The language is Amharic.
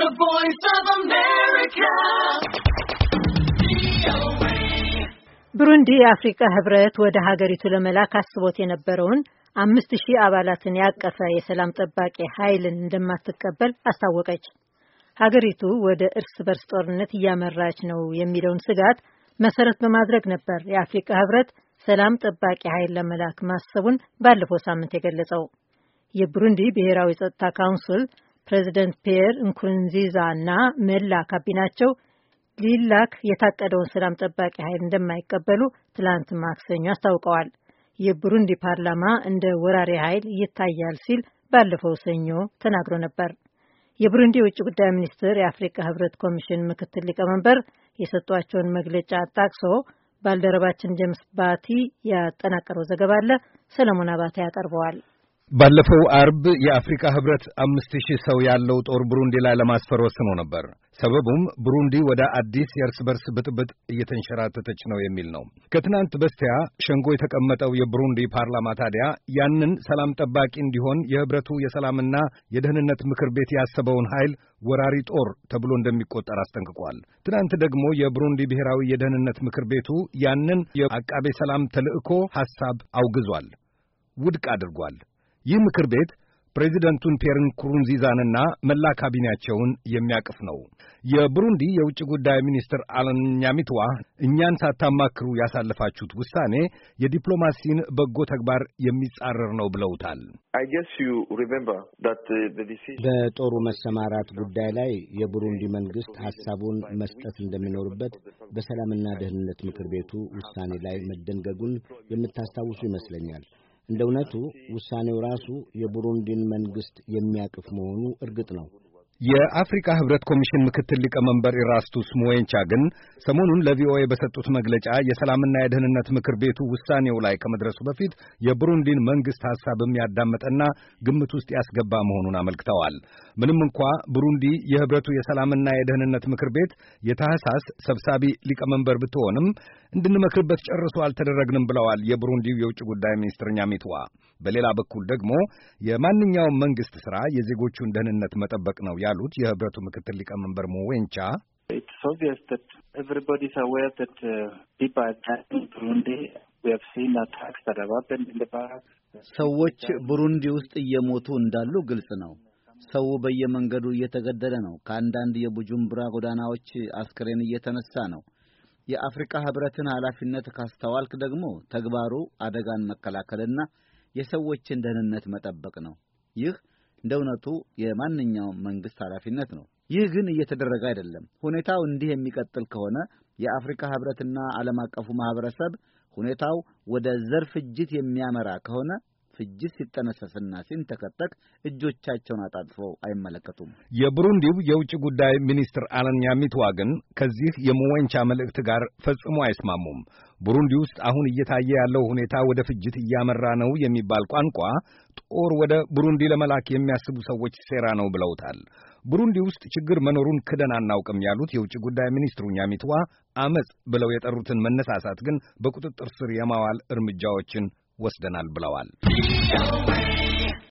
The Voice of America. ብሩንዲ የአፍሪካ ህብረት ወደ ሀገሪቱ ለመላክ አስቦት የነበረውን አምስት ሺህ አባላትን ያቀፈ የሰላም ጠባቂ ኃይልን እንደማትቀበል አስታወቀች። ሀገሪቱ ወደ እርስ በርስ ጦርነት እያመራች ነው የሚለውን ስጋት መሰረት በማድረግ ነበር የአፍሪካ ህብረት ሰላም ጠባቂ ኃይል ለመላክ ማሰቡን ባለፈው ሳምንት የገለጸው። የብሩንዲ ብሔራዊ ጸጥታ ካውንስል ፕሬዚደንት ፒየር እንኩርንዚዛና መላ ካቢናቸው ሊላክ የታቀደውን ሰላም ጠባቂ ኃይል እንደማይቀበሉ ትላንት ማክሰኞ አስታውቀዋል። የቡሩንዲ ፓርላማ እንደ ወራሪ ኃይል ይታያል ሲል ባለፈው ሰኞ ተናግሮ ነበር። የቡሩንዲ የውጭ ጉዳይ ሚኒስትር የአፍሪካ ሕብረት ኮሚሽን ምክትል ሊቀመንበር የሰጧቸውን መግለጫ አጣቅሶ ባልደረባችን ጀምስ ባቲ ያጠናቀረው ዘገባ አለ። ሰለሞን አባተ ያቀርበዋል። ባለፈው አርብ የአፍሪካ ህብረት አምስት ሺህ ሰው ያለው ጦር ብሩንዲ ላይ ለማስፈር ወስኖ ነበር። ሰበቡም ብሩንዲ ወደ አዲስ የእርስ በርስ ብጥብጥ እየተንሸራተተች ነው የሚል ነው። ከትናንት በስቲያ ሸንጎ የተቀመጠው የብሩንዲ ፓርላማ ታዲያ ያንን ሰላም ጠባቂ እንዲሆን የህብረቱ የሰላምና የደህንነት ምክር ቤት ያሰበውን ኃይል ወራሪ ጦር ተብሎ እንደሚቆጠር አስጠንቅቋል። ትናንት ደግሞ የብሩንዲ ብሔራዊ የደህንነት ምክር ቤቱ ያንን የአቃቤ ሰላም ተልዕኮ ሐሳብ አውግዟል፣ ውድቅ አድርጓል። ይህ ምክር ቤት ፕሬዚደንቱን ፔር ንኩሩንዚዛንና መላ ካቢኔያቸውን የሚያቅፍ ነው። የቡሩንዲ የውጭ ጉዳይ ሚኒስትር አለን ኛሚትዋ እኛን ሳታማክሩ ያሳለፋችሁት ውሳኔ የዲፕሎማሲን በጎ ተግባር የሚጻረር ነው ብለውታል። uh, በጦሩ መሰማራት ጉዳይ ላይ የቡሩንዲ መንግስት ሀሳቡን መስጠት እንደሚኖርበት በሰላምና ደህንነት ምክር ቤቱ ውሳኔ ላይ መደንገጉን የምታስታውሱ ይመስለኛል። እንደ እውነቱ ውሳኔው ራሱ የቡሩንዲን መንግሥት የሚያቅፍ መሆኑ እርግጥ ነው። የአፍሪካ ህብረት ኮሚሽን ምክትል ሊቀመንበር ኢራስቱስ ሙዌንቻ ግን ሰሞኑን ለቪኦኤ በሰጡት መግለጫ የሰላምና የደህንነት ምክር ቤቱ ውሳኔው ላይ ከመድረሱ በፊት የብሩንዲን መንግስት ሐሳብም ያዳመጠና ግምት ውስጥ ያስገባ መሆኑን አመልክተዋል። ምንም እንኳ ብሩንዲ የህብረቱ የሰላምና የደህንነት ምክር ቤት የታህሳስ ሰብሳቢ ሊቀመንበር ብትሆንም እንድንመክርበት ጨርሶ አልተደረግንም ብለዋል የብሩንዲው የውጭ ጉዳይ ሚኒስትር ኛሚትዋ። በሌላ በኩል ደግሞ የማንኛውም መንግስት ሥራ የዜጎቹን ደህንነት መጠበቅ ነው ያሉት የህብረቱ ምክትል ሊቀመንበር ሞዌንቻ uh, ሰዎች ቡሩንዲ ውስጥ እየሞቱ እንዳሉ ግልጽ ነው። ሰው በየመንገዱ እየተገደለ ነው። ከአንዳንድ የቡጁምብራ ጎዳናዎች አስክሬን እየተነሳ ነው። የአፍሪካ ህብረትን ኃላፊነት ካስተዋልክ ደግሞ ተግባሩ አደጋን መከላከልና የሰዎችን ደህንነት መጠበቅ ነው። ይህ እንደ እውነቱ የማንኛውም መንግስት ኃላፊነት ነው። ይህ ግን እየተደረገ አይደለም። ሁኔታው እንዲህ የሚቀጥል ከሆነ የአፍሪካ ህብረትና ዓለም አቀፉ ማህበረሰብ ሁኔታው ወደ ዘር ፍጅት የሚያመራ ከሆነ ፍጅ ሲጠነሰስና ሲንተከተክ እጆቻቸውን አጣጥፈው አይመለከቱም። የብሩንዲው የውጭ ጉዳይ ሚኒስትር አለን ኛሚትዋ ግን ከዚህ የመወንቻ መልእክት ጋር ፈጽሞ አይስማሙም። ቡሩንዲ ውስጥ አሁን እየታየ ያለው ሁኔታ ወደ ፍጅት እያመራ ነው የሚባል ቋንቋ ጦር ወደ ቡሩንዲ ለመላክ የሚያስቡ ሰዎች ሴራ ነው ብለውታል። ቡሩንዲ ውስጥ ችግር መኖሩን ክደን አናውቅም ያሉት የውጭ ጉዳይ ሚኒስትሩ ኛሚትዋ አመፅ ብለው የጠሩትን መነሳሳት ግን በቁጥጥር ስር የማዋል እርምጃዎችን ወስደናል ብለዋል።